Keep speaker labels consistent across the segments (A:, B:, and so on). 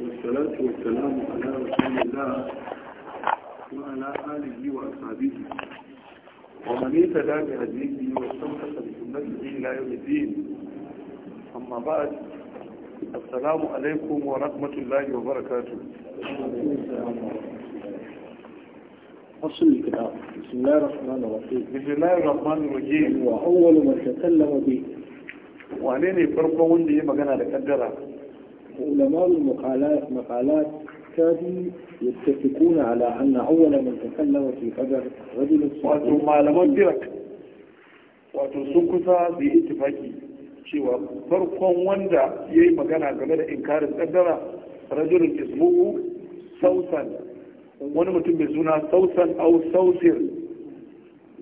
A: والصلاة والسلام على رسول الله
B: وعلى آله وأصحابه
A: ومن اهتدى
B: بهديه واستمسك بسنته إلى يوم الدين أما بعد السلام عليكم ورحمة الله وبركاته أصل الكتاب بسم الله الرحمن الرحيم بسم الله الرحمن الرحيم وأول من تكلم به wane ne farko wanda ya magana da kaddara علماء المقالات مقالات كادوا يتفقون على أن أول من تكلم في قدر رجل الصالح وأنتم معلمان درك wato sun kusa su yi itifaki cewa farkon wanda ya yi magana game da inkarin kaddara rajulun ismuhu sausan wani mutum mai suna sausan au sausir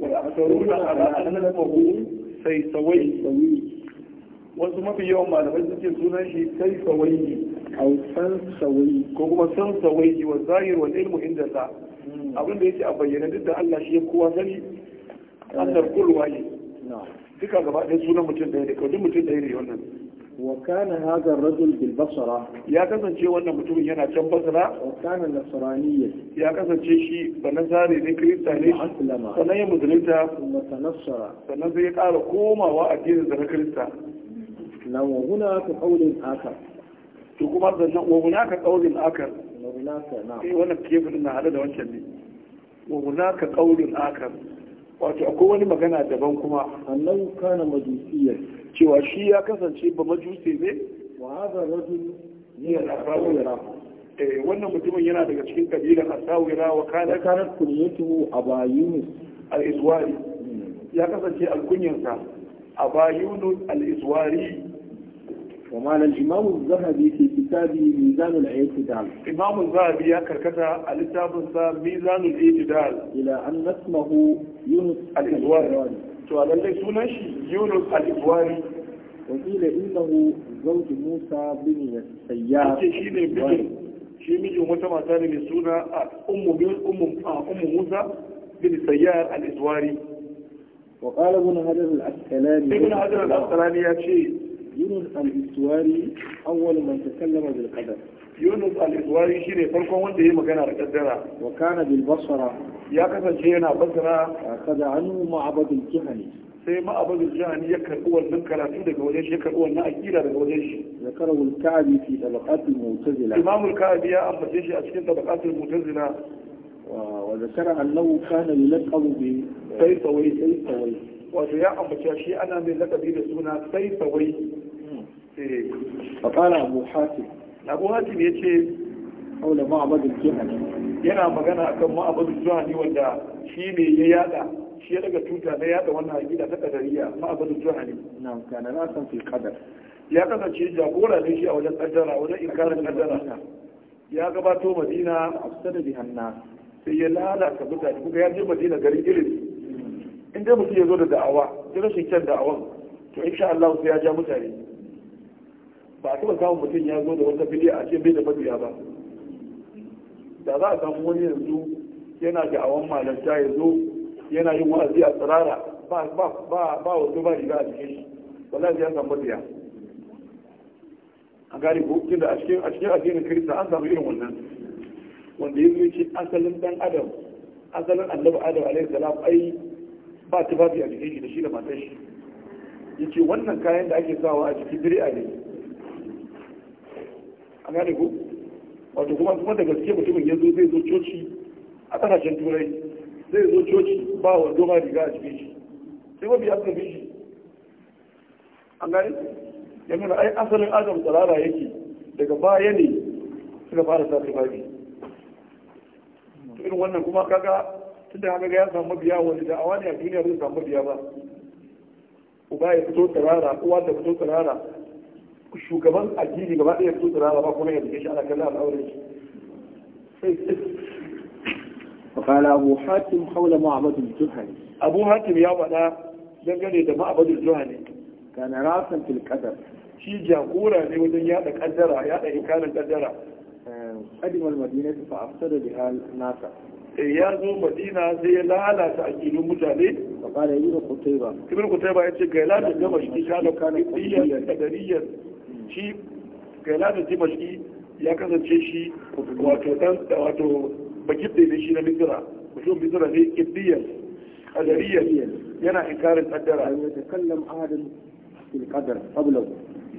B: wa asaruna ala annahu sai sawai wasu mafi yawan malamai suke sunan shi kai sawayi au san sawayi ko kuma san sawayi wa zahir wal ilmu inda sa hmm. abin da yake a bayyana duk da Allah shi ya kowa sani Allah kullu waye duka gaba ɗaya sunan mutum ɗaya ne kawai duk mutum ɗaya ne wannan وكان هذا الرجل بالبصرة يا كسن شيء وانا متوم ينا Ya kasance shi نصرانية يا كسن Kirista ne. بنزاري ya تهليش أسلم سنة يمدلتا ثم تنصر سنة يقال قوما da na Kirista. نعم aka قول آخر تقوم أرضا وهناك قول آخر وهناك نعم إيه وانا كيف لنا هذا ده وانشان دي وهناك قول akar. wato akwai wani magana daban kuma annan kana majusiya cewa shi ya kasance ba majusi ne wa hada rajul ni ya afrawira eh wannan mutumin yana daga cikin kabilan asawira wa kana kana kunyatu abayuni al-iswari hmm. ya kasance al-kunyansa abayuni al-iswari ومال الإمام الذهبي في كتابه ميزان الاعتدال إمام الذهبي كركتا الكتاب ميزان الاعتدال إلى أن اسمه يونس الإزواري سؤال لي سونش يونس الإزواري وقيل إنه زوج موسى بن السيار شيء بن شيء مجي ثاني من سنة أم آه، أم موسى بن السيار الإزواري
A: وقال ابن هذا العسقلاني ابن هذا العسقلاني
B: يا شيخ Yunus al-Iswari awwal man takallama bil qadar Yunus al-Iswari shine farkon wanda yayi magana da kaddara wa kana bil basra ya kasance yana basra kaza annu ma'abad al-kihani sai ma'abad al-kihani ya karbi wannan karatu daga wajen shi ya karbi wannan aqida daga wajen shi zakara al-ka'bi fi tabaqat al-mu'tazila Imam al-Ka'bi ya ambace shi a cikin tabaqat al-mu'tazila وذكر أنه كان يلقب بسيطوي سيطوي وجاء أبو شاشي أنا من لقبي لسونا سيطوي فقال أبو حاتم أبو حاتم يتي حول معبد الجهني yana magana akan ma'abudu juhani wanda shi ne ya yada shi ya daga tuta na yada wannan aqida ta kadariya ma'abudu juhani na'am kana na san fi qadar ya kasance jagora ne shi a wajen kaddara wajen inkarin kaddara ya gabato madina afsada bi hanna sai ya lalata mutane kuma ya je madina garin irin. in dai mutum ya zo da da'awa da rashin kyan da'awan to insha Allah sai ya ja mutane ba a taɓa samun mutum ya zo da wata bidiya a ce bai da mabiya ba da za a samu wani yanzu yana da awon malarta ya zo yana yin wa'azi a tsirara ba wato ba riga a cikin shi wallahi ya samu mabiya a gari ko da a cikin a cikin addinin kirista an samu irin wannan wanda ya zuci asalin dan adam asalin annabi adam alaihi salam ai ba tufafi a cikin shi da shi da matar shi yace wannan kayan da ake sawa a cikin bir'a ne gane ku wato kuma kuma da gaske mutumin ya zo zai zo coci a ƙasashen turai zai zo coci ba wa doma riga a cikin shi sai mafi aka bi shi an gane ya nuna ai asalin adam tsarara yake daga baya ne suka fara sa mafi irin wannan kuma kaga tun da haka ya samu biya wani da awani a duniya zai samu biya ba uba ya fito tsarara uwa ta fito tsarara shugaban addini gaba ɗaya su tsira ba kuma ya rike shi ana kallon al'aurin shi وقال أبو حاتم حول معبد الجهني أبو حاتم يوم أنا دنقني ده معبد الجهني كان راسا في القدر شي جاكورة لي ودن يادا قدرة يادا إمكان قدرة قدم المدينة فأفسد بها الناس ya zo madina sai ya lalata aƙidun mutane فقال ابن قتيبة ابن قتيبة يقول لا تجمع اشتغال قدريا shi da kailanin dimashki ya kasance shi wato dan wato bakin da ne shi na misira mutum misira ne ibdiyar qadariyar yana inkarin kaddara an ya takallam adam fil qadar qabla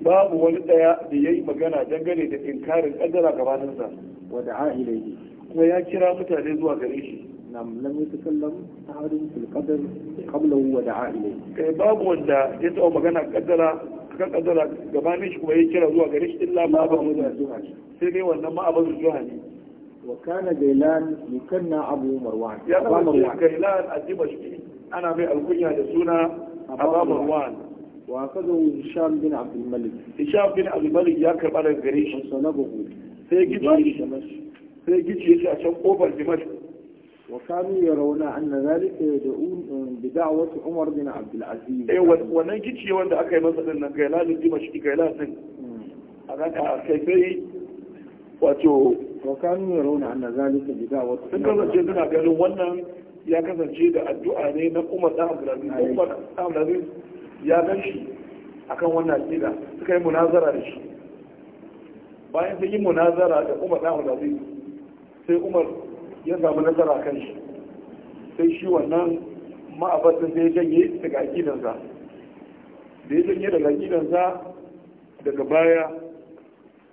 B: babu wani daya da yayi magana dangane da inkarin kaddara gabanin sa wa da'a ilayhi kuma ya kira mutane zuwa gare shi nam lam yatakallam adam fil qadar qabla wa da'a ilayhi eh, babu wanda ya tsawo magana kaddara kan kaddara gabanin shi kuma ya kira zuwa gare shi illa ma ba mu da sai dai wannan ma abin zuwa ne
A: wa kana gailan yukanna abu marwan ya kana
B: gailan ajiba shi. ana mai alkunya da suna abu marwan wa kaza hisham bin abdul malik hisham bin abdul malik ya karba daga gare shi sai gici sai gici shi a can kofar dimashq وكانوا يرون أن ذلك يدعون بدعوة عمر بن عبد العزيز إيه wannan gici wanda aka yi masa din nan gailanin dimashki gailanin a zaka kai sai وكانوا يرون أن ذلك بدعوة sun kasance suna ganin wannan ya kasance da addu'a ne na Umar dan Abdulaziz Umar ya gan shi akan wannan aqida suka yi munazara da shi bayan sun yi munazara da Umar dan sai Umar ya samu nasara kan shi sai shi wannan ma'abatin sai janye daga akidansa da ya janye daga akidansa daga baya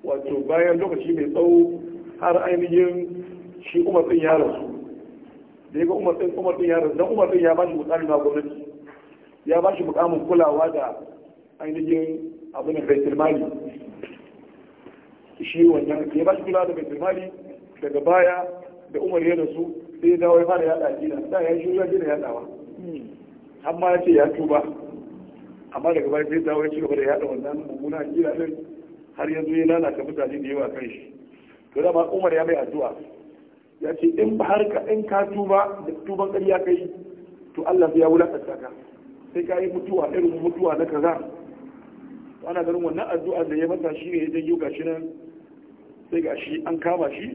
B: wato bayan lokaci mai tsawo har ainihin shi umar ɗin ya rasu da ya ga umar ɗin umar ya rasu don umar ɗin ya bashi mutane na gwamnati ya bashi mukamin kulawa da ainihin abin da baitulmali shi wannan ya bashi kulawa da baitulmali daga baya da umar ya rasu sai ya dawo ya fara yada aqida da ya shi ya dina yadawa amma ya ce ya tuba amma daga baya sai dawo ya ci gaba da yada wannan mummuna aqida din har yanzu ya lalata mutane da yawa kan shi to da ma umar ya mai addu'a ya ce in har ka in ka tuba da tuban ƙarya kai to Allah sai ya wulakanta ka sai ka yi mutuwa irin mutuwa na kaza ana ganin wannan addu'a da ya masa shi ne ya janyo gashi nan sai gashi an kama shi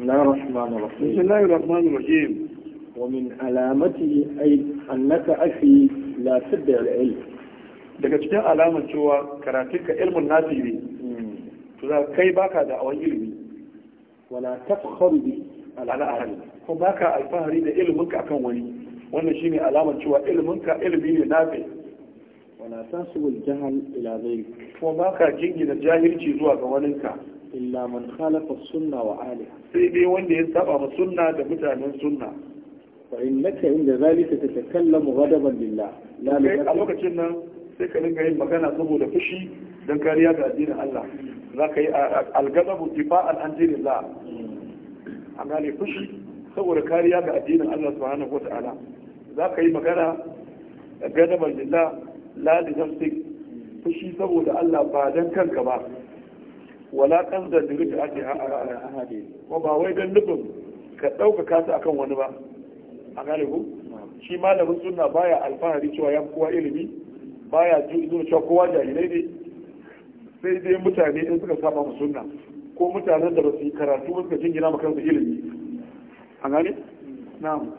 B: بسم الله الرحمن الرحيم بسم الله الرحمن الرحيم ومن علامته أي أنك أخي لا تدع العلم daga cikin alamar cewa karatunka ilmin nafi ne to za kai baka da awan ilimi wala tafkhar bi ala ahli ko baka alfahari da ka akan wani wannan shine alamar cewa ka ilimi ne nafi wala tasbul jahal ila ghayrik ko baka jingina jahilci zuwa ga waninka illa man khalafa sunna wa aliha sai dai wanda ya saba ma sunna da mutanen sunna fa innaka inda zalika tatakallamu ghadaban lillah la a lokacin nan sai ka dinga yin magana saboda fushi dan kariya ga addinin Allah za ka yi al-gadar algazabu tifa'an an dinin Allah a gane fushi saboda kariya ga addinin Allah subhanahu wata'ala za ka yi magana gadaban lillah la li nafsik fushi saboda Allah ba dan kanka ba wala kan da duri da ake ahadi ko ba wai dan nufin ka dauka kasu akan wani ba a galibu shi malamin sunna baya alfahari cewa ya kowa ilimi baya zuwa cewa kowa jahilai ne sai dai mutane in suka saba mu sunna ko mutanen da ba su yi karatu ba suka jingina ma kansu ilimi a gane na'am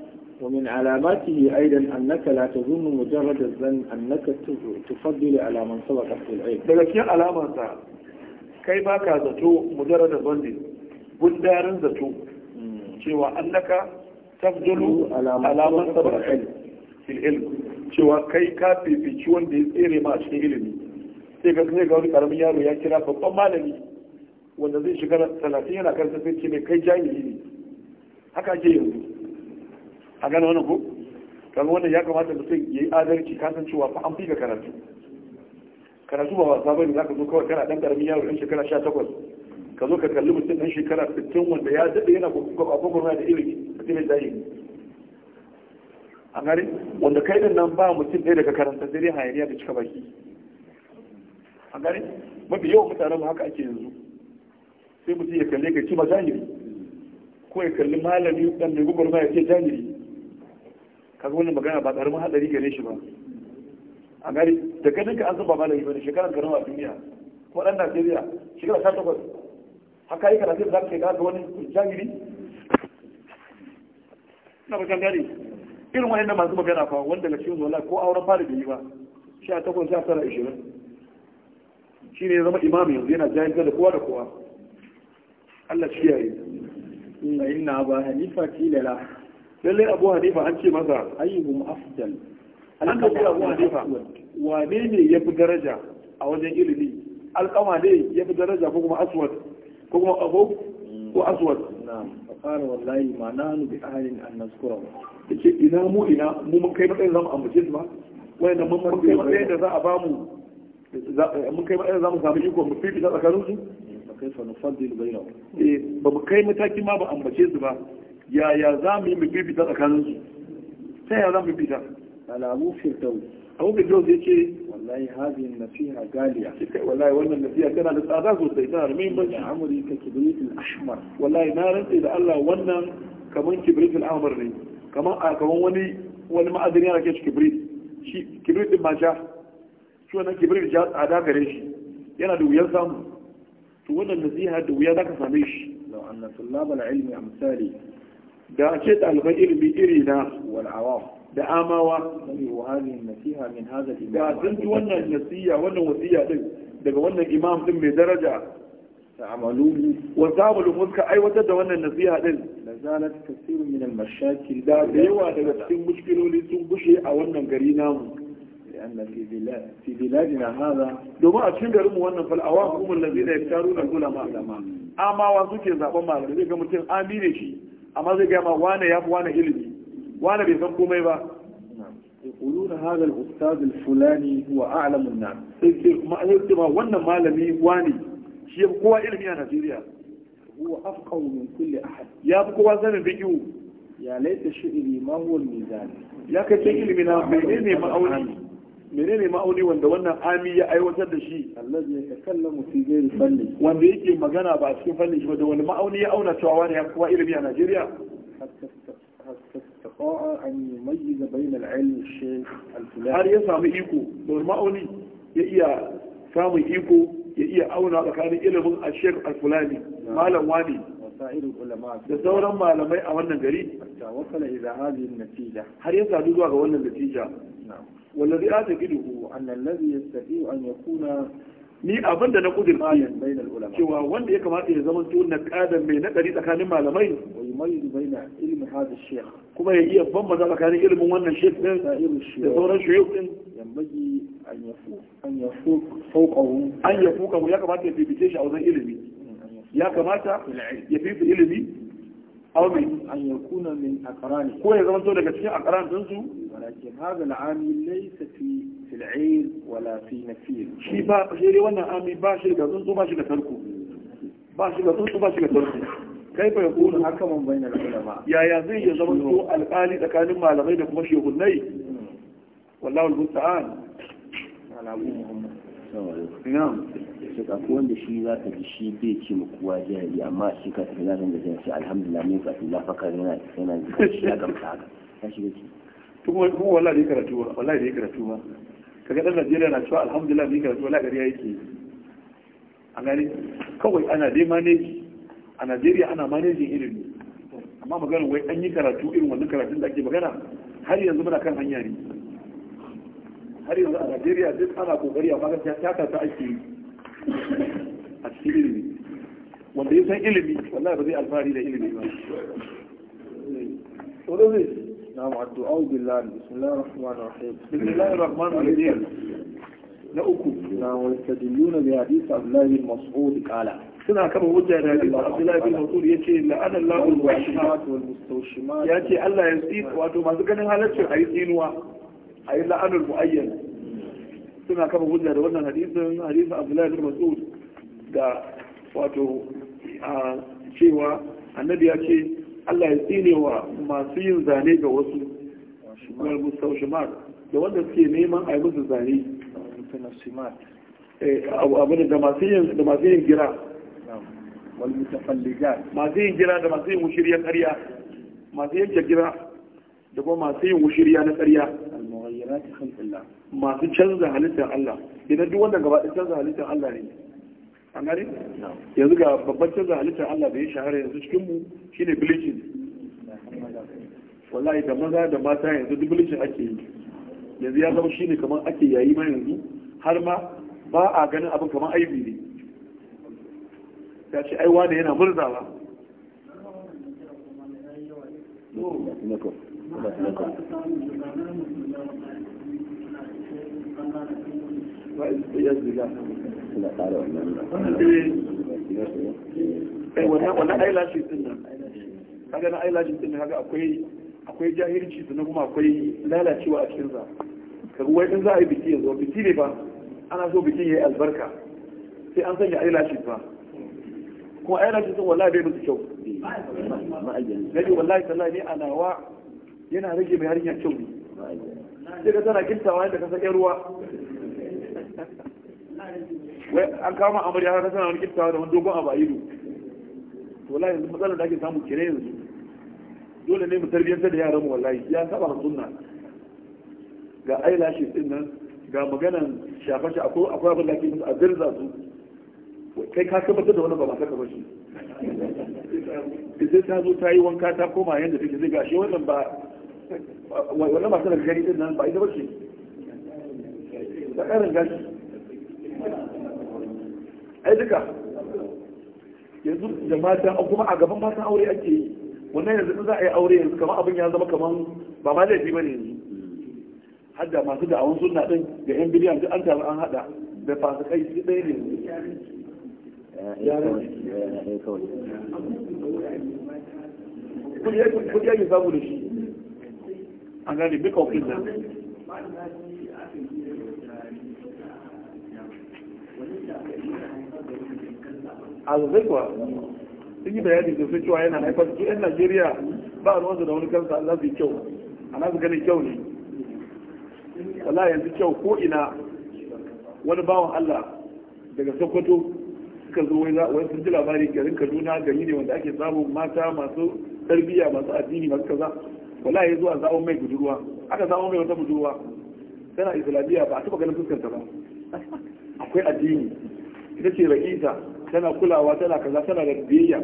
B: ومن علاماته أيضا أنك لا تظن مجرد الظن أنك تفضل على من سبقك في العلم. لكن علامة kai ba ka zato mujara da zonde gundarin zato cewa annaka tafdulu alaman sabar fil ilmi cewa kai ka fifici wanda ya tsere ma a cikin ilimi sai ka ga wani karamin yaro ya kira babban malami wanda zai shiga talatin yana karanta sai ce mai kai jahili ne haka ke yanzu a gane wani ko kaga wannan ya kamata mutum ya yi adalci kasancewa fa an fi ga karatu karatu ba wasa bane zaka zo kawai kana dan karamin yaro dan shekara 18 ka zo ka kalli mutum dan shekara 60 wanda ya dade yana a na da irin da cikin dai a gari wanda kai din nan ba mutum ɗaya daga karanta dare hayaniya da cika baki a gari mafi yawan mutanen mu haka ake yanzu sai mutum ya kalle ka ci ma jahiri ko ya kalli malami dan mai ma ya ce Ka zo wannan magana ba karamin hadari gare shi ba a gari da ganin ka an zuba yi wani shekarar garin a duniya kuma ɗan najeriya shekara sha takwas haka yi karatu da za ka ga wani jahili na bakan gani irin wa'annan masu magana fa wanda daga cikin zuwa ko auren fara bai yi ba sha takwas sha tara ishirin shi ne zama imami yanzu yana jahilta da kowa da kowa Allah shi yayi inna ba hanifa kilala lallai abu hanifa an ce masa ayyuhum afdal an ka biya abu hanifa wane ne ya fi daraja a wajen ilimi alkama ne ya fi daraja ko kuma aswad ko kuma abu ko aswad fara wallahi ma na nu bi ahalin an naskura yace ina mu ina mu mun kai matsayin zamu ambace su ba wayannan mun mun kai matsayin da za a ba mu mun kai matsayin zamu samu iko mu fifita tsakanin su kaifa nufaddil bainahu eh ba mu kai mataki ma ba ambace su ba yaya za mu yi mu fifita tsakanin su sai ya za mu fifita kalamu firdaus abu da ya ce. wallahi hadhihi nasiha galiya kai wallahi wannan nasiha tana da tsada sosai tana da muhimmanci a amri ka kibritul ahmar wallahi na rantse da Allah wannan kaman kibritul ahmar ne kaman a kaman wani wani ma'adani yana ke kibrit shi kibrit din ma ja shi wannan kibrit ja tsada gare shi yana da wuyar samu to wannan nasiha da wuya za ka same shi law anna tullabal ilmi amsali da ce ɗaliban ilimi iri na wal awam da amawa da sun ji wannan nasiya wannan wasiya din daga wannan imam din mai daraja ta'amalu wa zabalu muska aiwatar da wannan nasiha din da zalat kasiru min al mashakil da yawa daga cikin mushkiloli sun bushe a wannan gari namu لأن في بلادنا هذا دوما أتشين قالوا موانا فالأواكم الذين يختارون العلماء أما وانسوك يزعبون ما لديك متين آمين ilimi. wani bai san komai ba يقولون هذا الأستاذ الفلاني هو أعلم الناس ما وانا مالمي واني شيء بقوة علمي يا نيجيريا هو أفقه من كل أحد يا بقوة زمن بيجو يا ليت شعري ما هو الميزان يا كتير علمنا منين ما أولي منين ما أولي وانا وانا آمي يا أيوة زد شيء الذي يتكلم في غير فني وانا يجي مجانا بعد كيف فني شو ده وانا ما أولي يا أونا تعواني يا بقوة علمي يا نيجيريا
A: فاستطاع أن يميز بين العلم الشيخ الفلاني هل
B: يسامي إيكو برماؤني يئي سامي إيكو يئي أونا da sauran malamai a wannan gari har ya sadu zuwa ga wannan natija wallazi ataqiduhu anna an ni abinda na kudirci cewa wanda ya kamata ya zama tun na kadan mai nakari tsakanin malamai yumayyizu baina ilmi kuma ya iya bambanta tsakanin ilimin wannan shaykh da sauran shaykh din yammaji an yafu an yafu ya kamata ya bibice shi a wajen ilimi ya kamata ya bibi ilimi aw min an yakuna min aqrani ko ya zama daga cikin aqran din su walakin hada al'ami laysa fi fil wala fi nafil shi ba wannan ami ba shi da tsuntsu ba shi da ba shi da ba shi da kai fa yakunu hakaman bainal ulama yaya zai iya zama to alƙali tsakanin malamai da kuma shehunnai wallahu almusta'an ala abu muhammad na'am sai ka ko wanda
A: shi za ka ji shi bai ce mu kowa jahili amma shi ka tafi zaran da zai ce alhamdulillah ne ka tilla fa kare
B: yana yana shi ya gamsa haka ka shi gaci to kuma kuma wallahi dai karatu wallahi dai karatu ba kaga dan Najeriya na cewa alhamdulillah ne karatu wallahi gari yake a gani kawai ana dai manage a najeriya ana manajin ilimi amma maganar wai an yi karatu irin wannan karatun da ake magana har yanzu muna kan hanya ne har yanzu a najeriya duk ana kokari a fagar ta ta ake yi a cikin ilimi wanda ya san ilimi wallahi ba zai alfahari da ilimi ba tsoro zai نعم الدعاء بالله بسم الله الرحمن الرحيم بسم الله الرحمن الرحيم لا أكو نعم ويستدلون بحديث عبد الله بن مسعود قال suna kama hujja da hadisi Abdullahi bin Mas'ud yace la'ana Allahu al-washimat wal mustawshimat yace Allah ya tsi wato masu ganin halaccin ayi tsinuwa ayi la'anul muayyan suna kama hujja da wannan hadisin hadisin Abdullahi bin Mas'ud da wato a cewa annabi ya ce Allah ya tsine wa masu yin zane ga wasu wal mustawshimat da wanda suke neman yi musu zane eh, abu da masu yin gira wal mutafallijat masu yin gira da masu yin wushiriyar ƙarya masu yanke gira da kuma masu yin wushiriya na ƙarya masu canza halittar Allah idan duk wanda gaba canza halittar Allah ne an gane yanzu ga babban canza halittar Allah da ya shahara yanzu cikin mu shine bleaching wallahi da maza da mata yanzu duk bleaching ake yi yanzu ya zama shine kamar ake yayi ma yanzu har ma ba a ganin abin kamar aibi ne da ce ai wane yana murzawa wannan eh, eyelashes din nan kaga na eyelashes din kaga akwai akwai jahilci sannan kuma akwai lalacewa a cikinsa kaga wai in za a yi biki yanzu biki ne ba ana so bikin ya yi albarka sai an sanya ailashi ba kuma ai rashin sun wallahi bai musu kyau Na nabi wallahi tallahi ne a nawa yana rage mai harinya kyau ne sai ka tana kintawa yadda ka sa yan ruwa wai an kama amarya ka tana wani kintawa da wani dogon abu a ido to wallahi yanzu matsalar da ake samu kire yanzu dole ne mu tarbiyyantar da yaran mu wallahi ya saba sunna ga ailashes din nan ga maganan shafa akwai abin da ake musu a zirza su kai ka tabbatar da wani ba matar kamar shi idan ta zo ta yi wanka ta koma yadda take zai gashi wannan ba wannan masu da gari din nan ba ita bace da ƙarin gashi ai duka yanzu da mata kuma a gaban matan aure ake yi wannan yanzu za a yi aure yanzu kamar abin ya zama kamar ba ma laifi bane yanzu har da masu da'awun sunna din da yan biliyan duk an taru an hada da fasikai su ɗaya ne kudi yake samu da shi an gane big of nan a zai kuwa sun yi bayani da sun cewa yana haifar su 'yan najeriya ba ruwansu da wani kansa allah zai kyau a nasu ganin kyau ne wala yanzu kyau ko ina wani bawan allah daga sokoto suka zo wai sun ji labari garin kaduna gari ne wanda ake samun mata masu tarbiyya masu addini masu kaza wala ya zuwa zaɓon mai budurwa aka zaɓon mai wata budurwa tana islamiyya ba a taɓa ganin fuskanta ba akwai addini ita ce ra'isa tana kulawa tana kaza tana da biyayya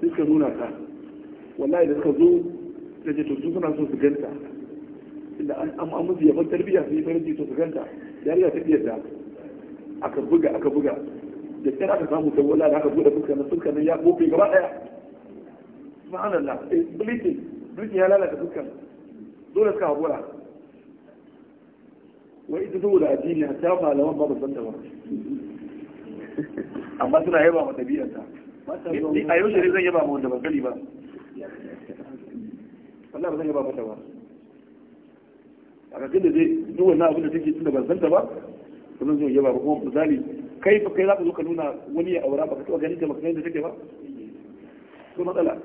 B: suka nuna ta wallahi da suka zo da ce to suna so su ganta inda an amma musu yaban tarbiyya su yi farin to su ganta yariya ta iya da aka buga aka buga da kyan aka samu tawala da aka bude fuskar na ya kofi gaba ɗaya subhanallah eh, bleaching bleaching ya lalata fuskar dole ka hakura wa ita saboda addini hatta malaman ba ba babu ta ba amma suna yaba ma tabiyarta a yau shirin zan yaba ma wanda ban gani ba Allah ba zan yaba mata ba a kakin da zai duk wannan abin da take tunda ba zanta ba kuma zai yaba ba kuma misali kai fa kai za ka zo ka nuna wani ya aura baka taɓa ganin ta baka ganin da take ba to matsala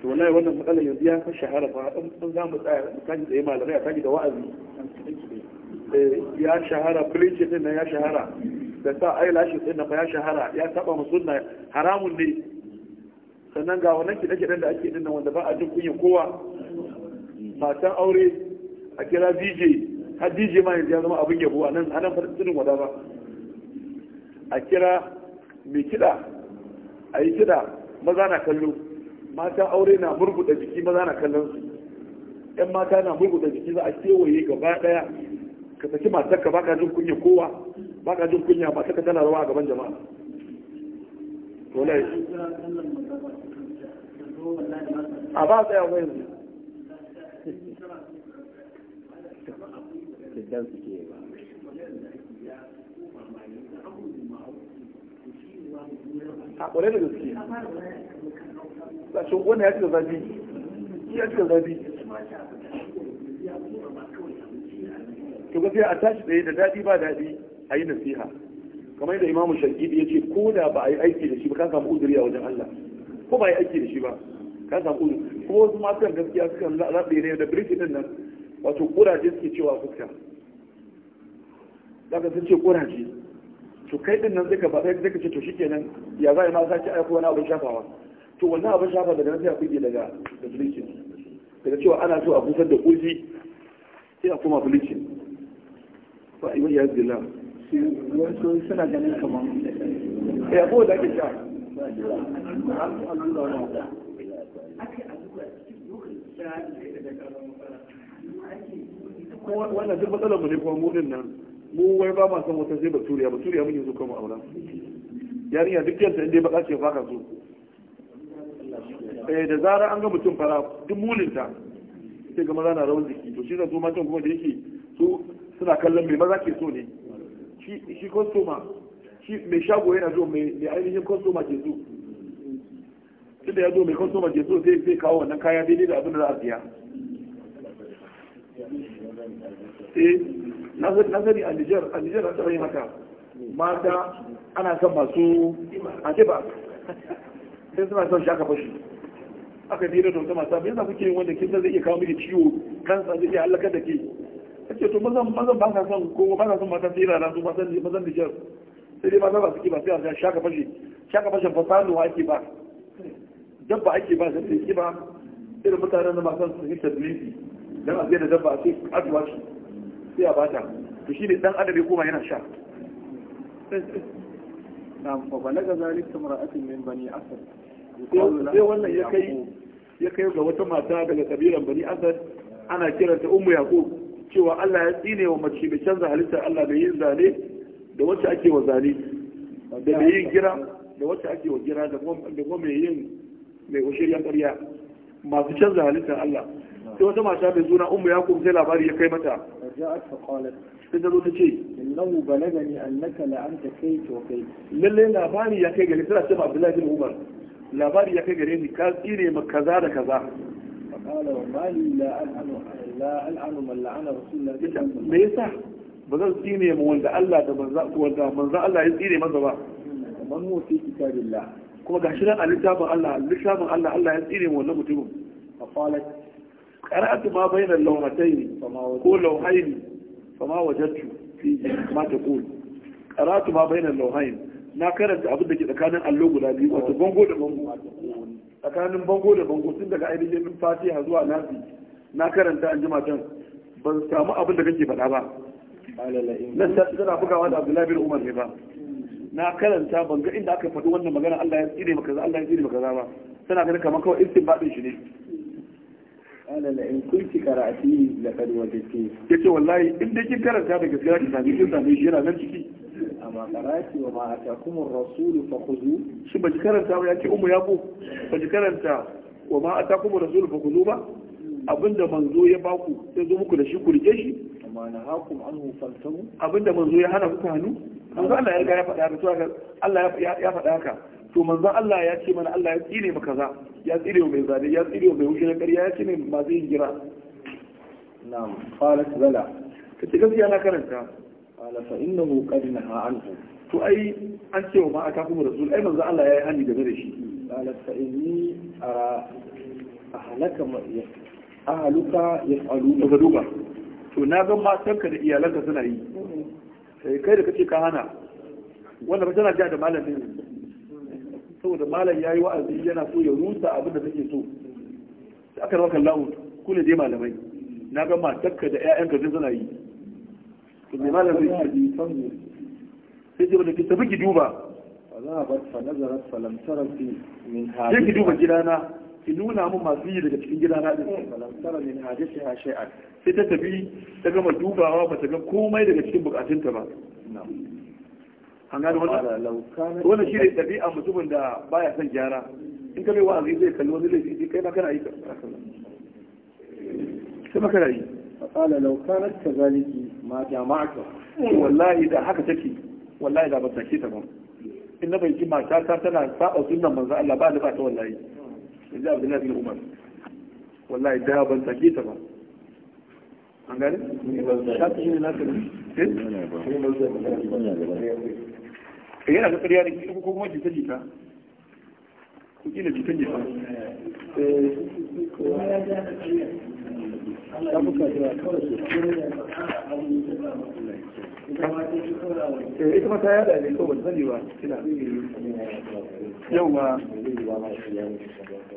B: to wallahi wannan matsala yanzu ya kan shahara fa dan dan za mu tsaya ji da malamai a taji da wa'azi eh, ya shahara preaching din ya shahara da sa ai lashin din nan ya shahara ya taba mu sunna haramun ne sannan ga wannan kidan kidan da ake dinnan wanda ba a jin kunya kowa matan aure a kira DJ har DJ ma yanzu ya zama abin yabo a nan a nan fadin wada ba a kira mai kida a yi kida maza na kallo mata aure na murguda jiki maza na kallon su yan mata na murguda jiki za a kewaye gaba ɗaya ka saki ka baka jin kunya kowa baka jin kunya matarka tana rawa a gaban jama'a wallahi a ba tsaya wa yanzu
A: a ƙwarai da gaske sashen wannan ya cika
B: zafi ya cika zafi to gaskiya a tashi tsaye da daɗi ba daɗi a yi nasiha kamar yadda Imam shakidi ya ce ko da ba a yi aiki da shi ba ka samu uzuri a wajen Allah ko ba a yi aiki da shi ba ka samu uzuri ko wasu masu gaskiya suka zaɓe ne da birki din nan wato kuraje suke cewa fuska zaka sun ce kuraje to kai din nan zaka faɗa zaka ce to shikenan ya zai ma sake aika wani abin shafawa to wannan abin shafa daga nan sai a fige daga da bleaching daga cewa ana so a busar da kuzi sai a koma bleaching fa ayyuha ya zilla wasu suna ganin kaman
A: ya ko da ke wannan
B: duk matsalar mu ne kuma mu nan mu wai ba ma san wata sai baturiya baturiya yi zo kuma aura yarinya duk yanta inda baka ce baka so eh da zarar an ga mutum fara duk mulinta sai ga maza na rawar jiki to shi zan zo matan kuma da yake su suna kallon mai maza ke so ne shi kostoma shi mai shago yana zo mai ainihin kostoma ke so tunda ya zo mai kostoma ke zo sai zai kawo wannan kaya daidai da abin da za a siya eh na sani a Nijar a Nijar an taɓa yi haka mata ana son masu a ce ba sai suna son shaka fashi aka dira da wata abin da kuke wanda kin zai iya kawo miki ciwo kansa zai iya halakar da ke ake to mazan mazan ba sa son ko ba sa son mata tsira da su ba mazan Nijar sai dai mata ba su ke ba sai a shaka fashi shaka fashin fasaluwa ake ba dabba ake ba sai ke ba irin mutanen da masu sun yi dan a da dabba a ce shi sai a bata to shi ne dan adadi kuma yana sha na'am fa balaga zalika mar'atin min bani asad sai wannan ya kai ya kai ga wata mata daga kabilan bani asad ana kiranta ummu yaqo cewa Allah ya tsine wa mace mai canza halittar Allah da yin zane da wacce ake wa zane da mai yin kira da wacce ake wa kira da kuma mai yin mai ushiriyar ƙarya masu canza halittar Allah sai wata mata mai suna ummu yaqo sai labari ya kai mata فجاءت فقالت تدرو تجي إنه بلغني أنك لأنت كيت وكيت للي لاباني يا كيغل ترى تبع عبد الله بن عمر لاباني يا كيغل إني كاذيري كذا كذا فقال
A: وما لي لا ألعن لا ألعن من لعن رسول الله صلى الله عليه
B: وسلم ليس بدل ديني من وند الله ده من ذا الله يديني ماذا بقى من هو في كتاب الله kuma ga shi nan a littafin Allah littafin Allah Allah ya tsire mu wannan mutumin a falat qara'atu ma bayna lawmatayn ko lawhayn fama wajadtu fi ma taqul qara'atu ma bayna lawhayn na karanta abin da ke tsakanin allo guda biyu wato bango da bango tsakanin bango da bango tun daga ainihin fatiha zuwa nasi na karanta an jima ban samu abin da kake faɗa ba
A: nan
B: tana bugawa da abdullahi bin umar ne ba na karanta ban ga inda aka faɗi wannan magana Allah ya tsire maka Allah ba tana ganin kamar kawai istinbadin shi ne قال لئن كنت قرأتيه لقد وجدتيه يقول والله إن دي كنت قرأت هذا كثيرا كنت هذه كنت هذه جيرا نمشي أما قرأت وما أتاكم الرسول فخذوه شو بجي قرأت هذا يأتي أم يابو بجي قرأت وما أتاكم الرسول فخذوه ما abinda manzo ya baku ya zo muku da shi ku rike shi amma na hakum anhu fantamu abinda manzo ya hana muku hannu manzo Allah ya ga ya faɗa haka Allah ya faɗa haka to manzo Allah ya ce mana Allah ya tsine mu kaza ya tsire mai zade ya tsire mai wuce na ƙarya ya ce ne masu yin gira na'am qalat zala ce gaskiya na karanta qala fa innahu qad naha anhu to ai an ce wa ma aka kuma rasul ai manzo Allah ya yi hani game da shi qalat fa inni ara ahlaka ma ahluka yaf'aluna ka duba to na ga matanka da iyalanka suna yi mm-hmm. eh, kai da kace ka hana wannan ba tana jiya da malamin saboda malam yayi wa'azi yana so ya rusa abin da take so sai aka rawa kallahu ku ne dai malamai na ga matakka da ƴaƴan gajin suna yi to me malam zai yi sai ce ki tafi ki duba فذهبت فنظرت فلم تر في من حاجتها كيف دوبا جيرانا ki nuna mun masu yi daga cikin gidana din falam tara min hajatiha shay'an sai ta tafi ta gama dubawa ba ta ga komai daga cikin bukatunta ba an gane wannan wannan shi ne ɗabi'a mutumin da baya son gyara in ka mai wa'azi zai kalli wani laifi kai ma kana yi sai ma kana yi qala law kanat kadhaliki ma jama'aka hmm, wallahi da haka take wallahi da ba ta ta ba in na bai ta tana sunnan manzo Allah ba ba ta wallahi Abdullahi bin Umar wallahi da ban ta ta ba an gane ne na ne Eh, yana da ƙarya da ko kuma jita jita kila jita jita da sani ba kina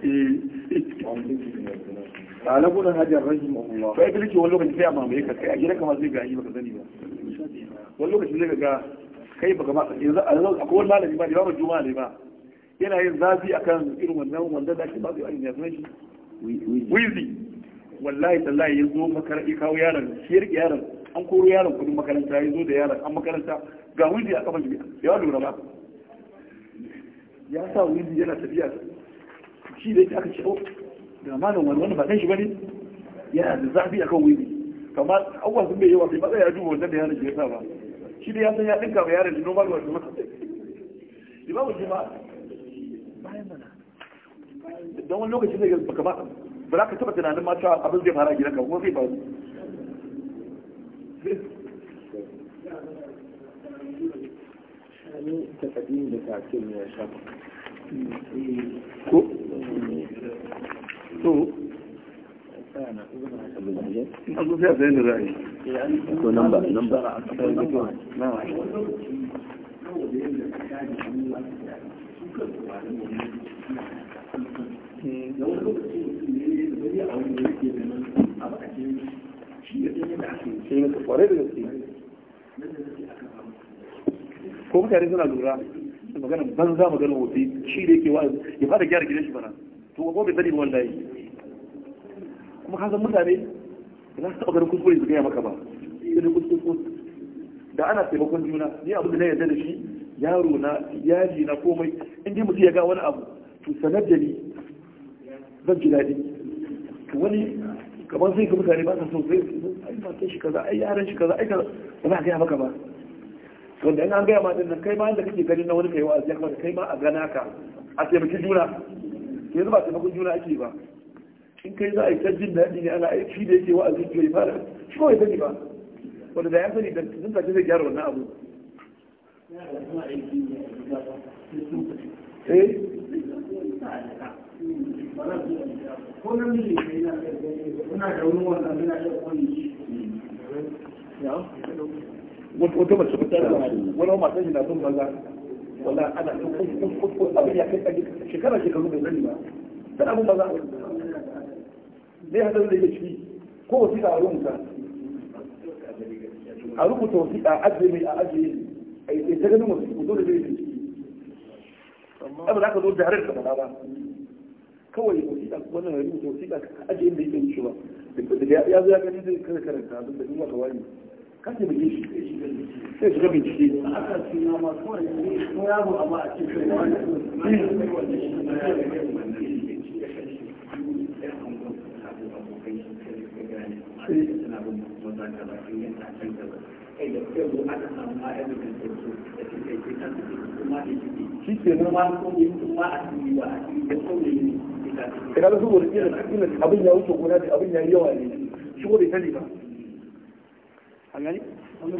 B: eh, a na gudun hajjar ya wani lokaci sai a mamaye ka kai a zai sani ba wani lokaci ga kai ba gama yanzu a kowar akwai malami ba ne ba mu juma'a ne ba yana yin zafi akan irin wannan wanda da shi ba zai ainihin sunan shi wizi wallahi tallahi ya zo makaranta kawo yaron shi ya rike yaron an koro yaron kudin makaranta ya zo da yaron an makaranta ga wizi a kafa shi ya lura ba ya sa wizi yana tafiya shi da aka ce da oh, malam wani ba dan shi ne? yana da zafi akan wizi kamar abubuwan sun bai yawa bai matsaya duba wannan da yaron ke ya sa ba shi da ya san ya dinka ba yaron da bayan mana don wani lokaci zai baka ba ba za ka taba tunanin ma cewa abin zai fara gidanka kuma zai faru
A: ko? so أقول فيها زين الرأي
B: ko mutane suna lura magana banza magana wofi shi da yake wa ya fara gyara gidan shi bana to ko bai sani ba yi kuma kasan mutane ina su taɓa ganin kuskure su gaya maka ba irin kuskure da ana taimakon juna ni abu da na yarda da shi yaro na yaji na komai in dai mutum ya ga wani abu to sanar da ni zan ji daɗi wani kamar sai ga mutane ba sa son sai ai matan shi kaza ai yaran shi kaza ai kaza ba za a gaya maka ba wanda in an gaya ma din nan kai ma yadda kake ganin na wani kai wa'azi a kamata kai ma a gana ka a taimaki juna yanzu ba taimakon juna ake ba in kai za a yi jin daɗi ne ana aiki da yake wa'azi ke yi fara shi kawai sani ba wanda da ya sani da sun tafi zai gyara wannan abu wata mace mata da wani mata shi na son banza wala ana kan kuskure abin ya kai shekara shekaru da zani ba dan abin ba za a ne hadar da yake ciki ko wasiƙa a rubuta a rubuta wasiƙa a ajiye mai a ajiye a yi ta ganin wasiƙu dole zai yi abu da aka zo jarar da ba kawai wasiƙa wannan ya rubuta wasiƙa a ajiye da yake wuce ba ya zo ya gani zai kare karanta abin da in wata wani kan ce shi sai shiga bincike a aka
A: suna ma kawai ne yaro amma a cikin wani sai da suna bin maza da ba sun yi tashen da ba kai da kai ana samu ma su da su kai kan su kuma da shi
B: shi ke ko kuma a cikin ba a cikin da kawai su da abin ya wuce gona da abin ya yi yawa ne shi ba an gani Eh,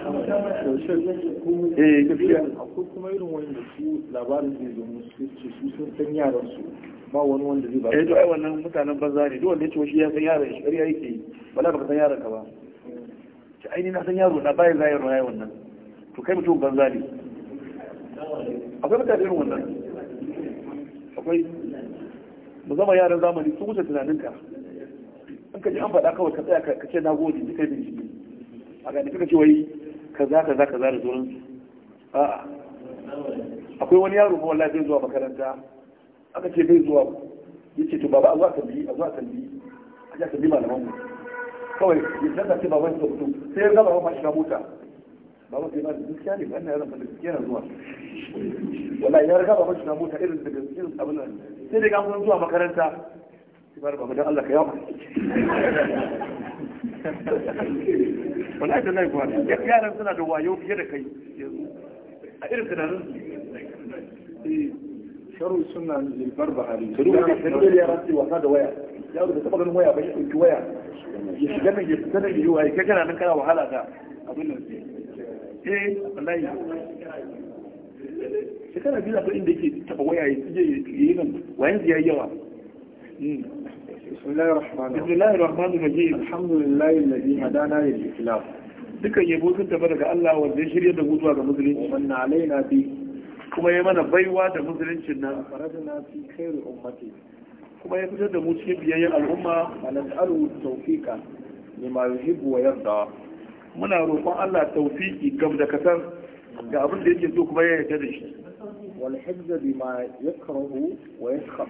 B: akwai kuma irin wanda su labarin zai zo musu su sun san yaran su ba wani wanda zai ba eh to ai wannan mutanen banza ne duk wanda ya ce shi ya san yaran shi ƙarya yake yi bala baka san yaran ka ba ta aini na san yaro na bayan zayar raya wannan to kai mutum banza ne akwai mutane irin wannan akwai zama yaran zamani sun wuce tunaninka an ka ji an faɗa kawai ka tsaya ka ce na gode duka kai bincike a ga suka ce wai kaza kaza kaza da sauran a a'a akwai wani yaro ko wallahi zai zuwa makaranta aka ce zai zuwa yace to baba a zuwa tambayi a zuwa tambayi a ja tambayi malaman mu kawai ya tsaka ce baban su mutum sai ya gaba ma shiga mota baba sai ba da gaskiya ne wannan yaron da gaskiya na zuwa wallahi ya riga baban shiga mota irin da gaskiya abin nan sai dai ga mun zuwa makaranta kibar ba dan Allah ka yawo wallahi da lai kuwa yaran suna da wayo fiye da kai a irin tunanin eh, sharu suna zilbar bahari ka duba ka duba yaran su wasa da waya Ya da taba ganin waya ba ya ɗauki waya ya shiga nan ya fita nan yiwa ya kakana nan kana wahala da abin nan eh wallahi shekara biyu da inda yake taba waya ya yi nan wayan ya yi yawa hmm. بسم الله الرحمن بسم الله الرحمن الرحيم الحمد لله الذي هدانا للإسلام dukan yabo sun daga Allah wanda ya shirya da mu zuwa musulunci wannan alaina bi kuma ya mana baiwa da musuluncin nan faradna fi khairu ummati kuma ya fitar da mu cikin biyayyen al'umma alas'alu tawfiqa lima yuhibbu wa yarda muna roƙon Allah tawfiqi gam da kasar ga abinda da yake so kuma ya yarda da shi
A: wal hizza bima yakrahu wa yakhaf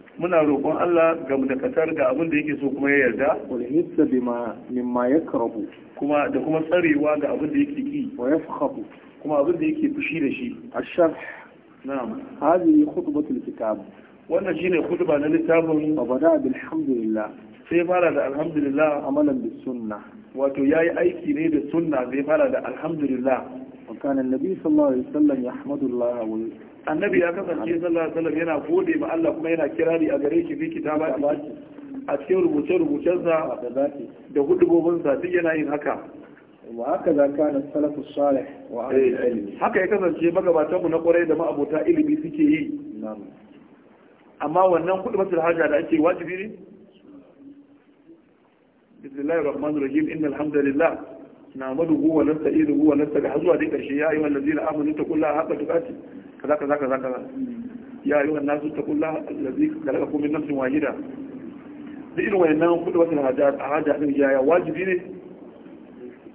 B: muna roƙon Allah ga mu mutakatar ga abin da yake so kuma ya yarda wal hissa bima mimma yakrahu kuma da kuma tsarewa ga abin da yake ki wa ya yafkhabu kuma abin da yake fushi da shi A ashar na'am hadhihi khutbatul kitab wannan shine khutba na littafin abada bilhamdulillah sai fara da alhamdulillah amalan bis sunna wato yayi aiki ne da sunna zai fara da alhamdulillah وكان النبي صلى الله عليه وسلم يحمد الله annabi ya kasance sallallahu alaihi wasallam yana gode ma Allah kuma yana kirari a gare shi biki ta baki a cikin rubuce rubucen sa da hudubobin sa duk yana yin haka wa haka za kana salafus salih wa ahli eh, haka ya kasance magabatan mu na kwarai da ma'abota ilimi suke yi amma wannan masu haja da ake wajibi ne bismillahir rahmanir rahim innal hamdalillah namaduhu wa nasta'inuhu wa nastaghfiruhu zuwa dai karshe ya ayyuhal ladina amanu taqulla haqa tuqati kaza kaza kaza kaza ya ayyuhan nasu taqulla allazi khalaqa kum min nafsin wahida da irin wayannan kudu wa na hajjar a hajjar ɗin jaya wajibi ne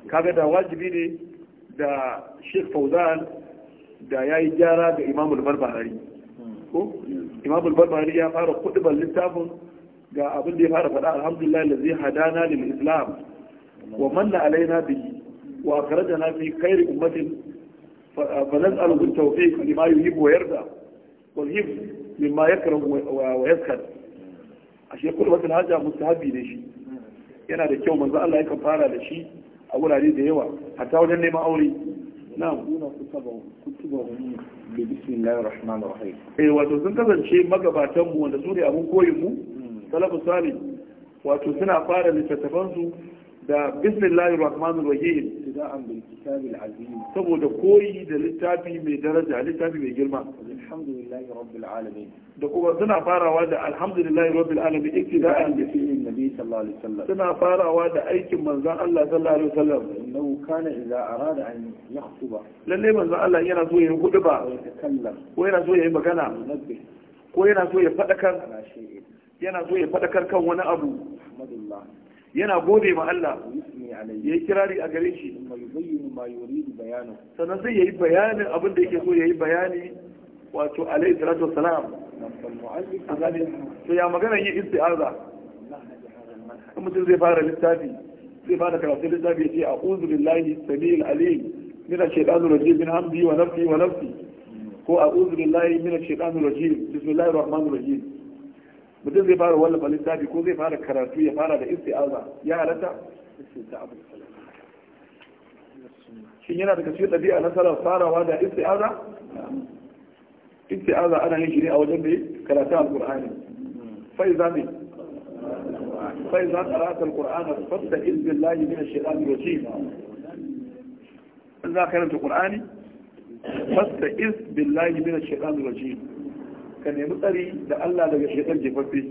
B: kaga da wajibi ne da sheik fauzan da ya yi gyara ga imamul barbahari ko imamul barbahari ya fara kudu ban littafin ga abin da ya fara faɗa alhamdulillah da zai hadana lil islam wa manna alaina واخرجنا wa خير fi khairi ummatin لما يحب ويرضى tawfiq lima يكره ويسخر yarda كل hifz هذا مستحب لي شيء haja ne shi yana da kyau manzo Allah yakan fara da shi a wurare da yawa hatta wajen neman aure na'am kuna kutaba kutuba da bismillahir rahmanir rahim eh wato sun kasance magabatan mu wanda su ne abun koyin mu hmm. salafu salih wato suna fara littattafan su da bismillahir rahmanir rahim tida'an bil kitabil azim saboda koyi da littafi mai daraja littafi mai girma alhamdulillahi rabbil alamin da kuma suna farawa da alhamdulillahi rabbil alamin bi nabi sallallahu alaihi wasallam suna farawa da aikin manzon Allah sallallahu alaihi wasallam innahu kana idza arada an yakhtuba lalle manzon Allah yana so ya hudu ba ko yana so ya yi magana ko yana so ya fadakar yana so ya fadakar kan wani abu yana gode ma Allah ya yi kirari a gare shi sannan zai yi bayanin abin da yake so ya yi bayani wato alaihi salatu wasalam to ya magana yin isti'aza in mutum zai fara littafi zai fara karatun littafi ya ce a uzu lillahi sami'il alim min ash-shaytanir rajim min hamdi wa nafsi wa nafsi hmm. ko a uzu lillahi min ash-shaytanir rajim bismillahir rahmanir rahim mutum zai fara wallafa littafi ko zai fara karatu ya fara da isti'aza ya halatta shin yana daga cikin ɗabi'a na sarar farawa da isti'aza isti'aza ana yin shi ne a wajen mai karatu al-qur'ani fa'iza ne fa'iza karatu al-qur'ani fasta izbin layi min shaitan rajim in za ka karanta qur'ani fasta iz billahi min shaitan rajim ka nemi tsari da Allah daga shekar jefaffe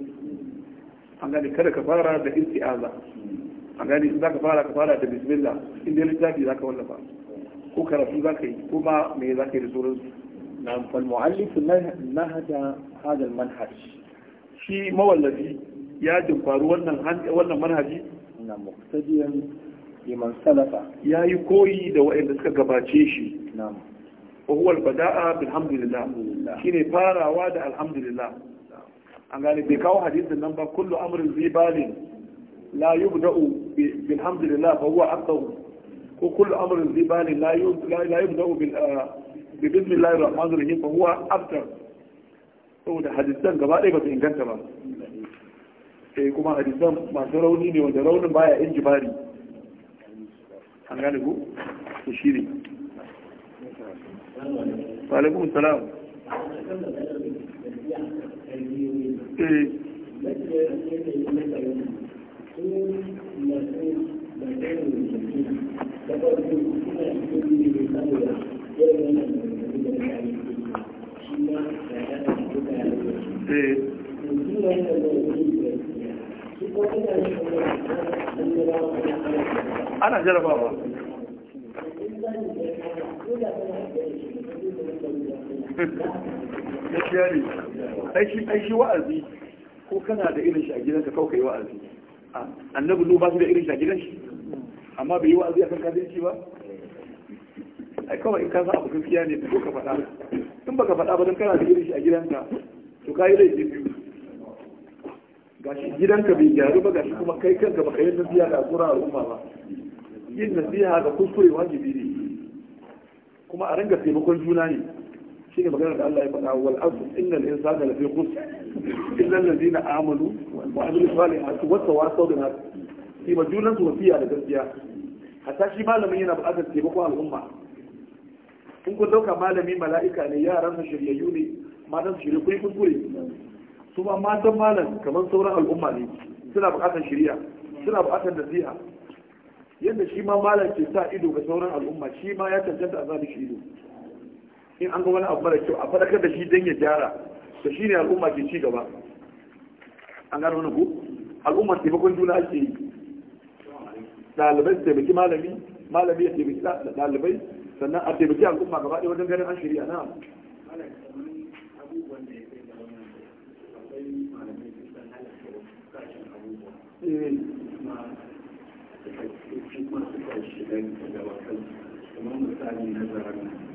B: an gani kada ka fara da isti'aza an gane in za ka fara ka fara da bismillah in dai littafi za ka wallafa ko karatu za ka yi ko ba me za ka yi da sauransu na falmu'allifu na hada hadal manhaj shi mawallafi ya jimfaru wannan wannan manhaji na muktadiyan liman salafa ya yi koyi da waɗanda suka gabace shi وهو البداء بالحمد لله شيني فارا وادا الحمد لله أنا قال بكاو حديث النمبر كل أمر ذي بال لا يبدأ بالحمد لله فهو أبطأ وكل أمر ذي بال لا لا يبدأ ببسم الله الرحمن الرحيم فهو أبطأ saboda hadisan gaba ɗaya ba su inganta ba eh kuma hadisan masu rauni ne wanda raunin baya in jibari an gane ku ku shiri Walaikun salam. Eh. Eh. Ana jarabawa. gaskiya ne aishi wa'azi ko kana da irin shi a gidanka kawai yi wa'azi annabi nu ba su da irin shi a gidan shi amma bai yi wa'azi akan kafirci ba ai kawai in kasa san abu gaskiya ne ko ka faɗa in baka faɗa ba dan kana da irin shi a gidanka to ka yi laifi biyu gashi gidanka bai gyaru ba gashi kuma kai kanka baka yi nasiha ga tsura al'umma ba yin nasiha ga kuskure wajibi ne kuma a ringa taimakon juna ne shi ne magana da Allah ya faɗa wal asr innal insana lafi khusr illa allazina amanu wa amilu salihati wa tawasaw bil haqq shi majulan su wasiya da gaskiya hatta shi malamin yana buƙatar taimako al'umma in kun dauka malami mala'ika ne yaran su shiryayyu ne matan su shirye kuyi kuskure su ma matan malam kamar sauran al'umma ne suna buƙatar shirya suna buƙatar nasiha yadda shi ma malam ke sa ido ga sauran al'umma shi ma ya cancanta a zaɓi shi ido in an ga wani abu mara kyau a faɗakar da shi don ya gyara da shi ne al'umma ke ci gaba an gano wani ku al'umma taimakon juna ake yi ɗalibai taimaki malami malami ya taimaki ɗalibai sannan a taimaki al'umma gaba ɗaya wajen ganin an shirya na
A: kamar misali na zarafi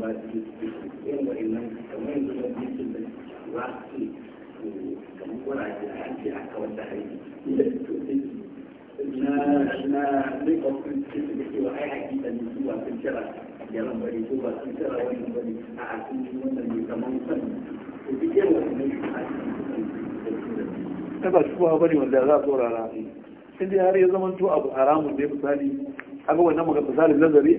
A: ما يمكن وإنما كمان يمكن الوقت كمان ولا يحكي حتى والتحريم na na zai kwamfin cikin da cewa ai hakika ne su ba sun kira yaran bari ko ba sun kira wani bari a asin shi wannan ne
B: kamar san ko duk yawan ne a cikin ba shubuha ba ne wanda za a tsorara in dai har ya zama to abu haramun ne misali aga wannan maka misalin nazari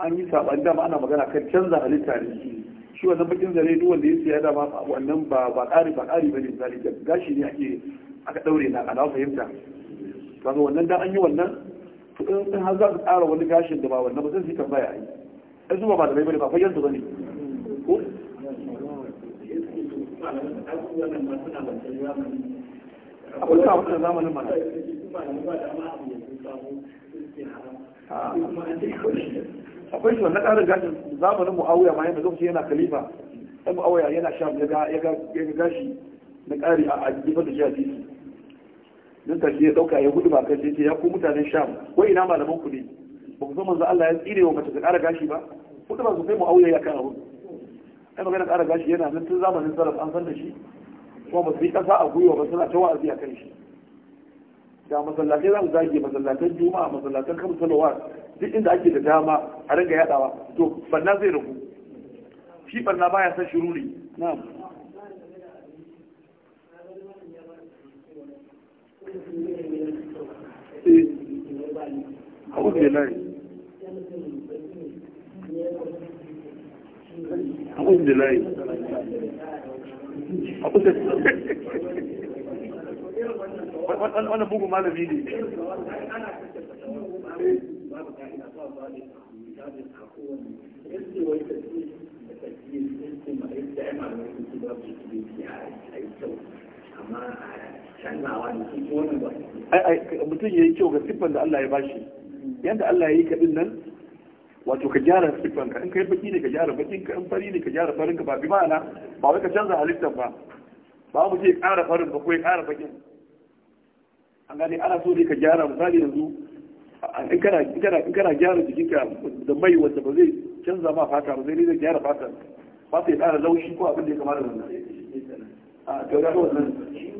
B: an yi saɓani dama ana magana kan canza halitta ne shi wannan bakin zare duk wanda ya siya dama wannan ba ba ƙari ba ƙari ba ne misali gashi ne ake aka ɗaure na ana fahimta kaga wannan da an yi wannan to in har za su tsara wani gashin da ba wannan ba zai kan baya yi ai su ba da bai ba fayyanta ba ne ko akwai sa wannan zamanin mana a akwai shi wannan ƙarin gashin zamanin mu'awiya ma yana lokaci yana khalifa ɗan mu'awiya yana sham ya ga gashi na ƙari a gefen da shi a titi nan take ya ɗauka ya gudu ba kan ce ya ku mutanen sham wai ina malaman ku ne ba ku san manzo Allah ya tsire wa mace ta ƙara gashi ba ku ba su sai mu'awiya ya kan abu ai magana ƙara gashi yana nan tun zamanin salaf an san da shi kuma ba su yi ƙasa a gwiwa ba suna ta wa'azi a kan shi da masallatai za mu zage masallatan juma'a masallatan kamsalawat duk inda ake da dama a ringa yadawa to banna zai ragu shi banna baya san shiru ne na'am
A: a wuce a wuce layi
B: a wuce wannan bugun malami ne eh.
A: babu ka'ida ba ba da misali a kowane yadda wai ta ce da tafiye sun ce ma yadda ya malamai sun ce babu tafiye a yi kyau amma a
B: canzawa da su wani ba. Ai mutum ya yi kyau ga siffan da Allah ya bashi yadda Allah ya yi kaɗin nan wato ka gyara siffan ka in kai baki ne ka gyara bakin ka in fari ne ka gyara farin ka ba bi ma'ana ba wai ka canza halittar ba ba mu ce ƙara farin ba ko ya ƙara bakin an gane ana so ne ka gyara misali yanzu in kana gyara jikinka da mai wanda ba zai canza ma fata ba zai zai gyara fata ba sai ƙara laushi ko abin da ya kamata da wannan a ga wannan eh.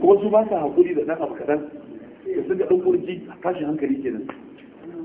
B: kuma su ba sa haƙuri da ɗan abu kaɗan da ga ɗan kurji tashin hankali kenan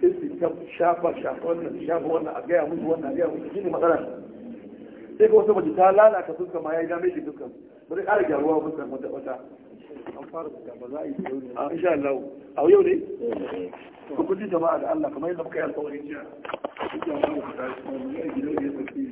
B: sai su shafa shafa shafa wannan a gaya musu wannan a gaya musu shi ne sai ka wata mace ta lalata fuska ma ya yi dame shi fuska ba zai ƙara gyaruwa wata wata an fara fuska ba za a yi a insha Allah a yau ne ku kuji jama'a da Allah kamar yadda muka yi
A: jiya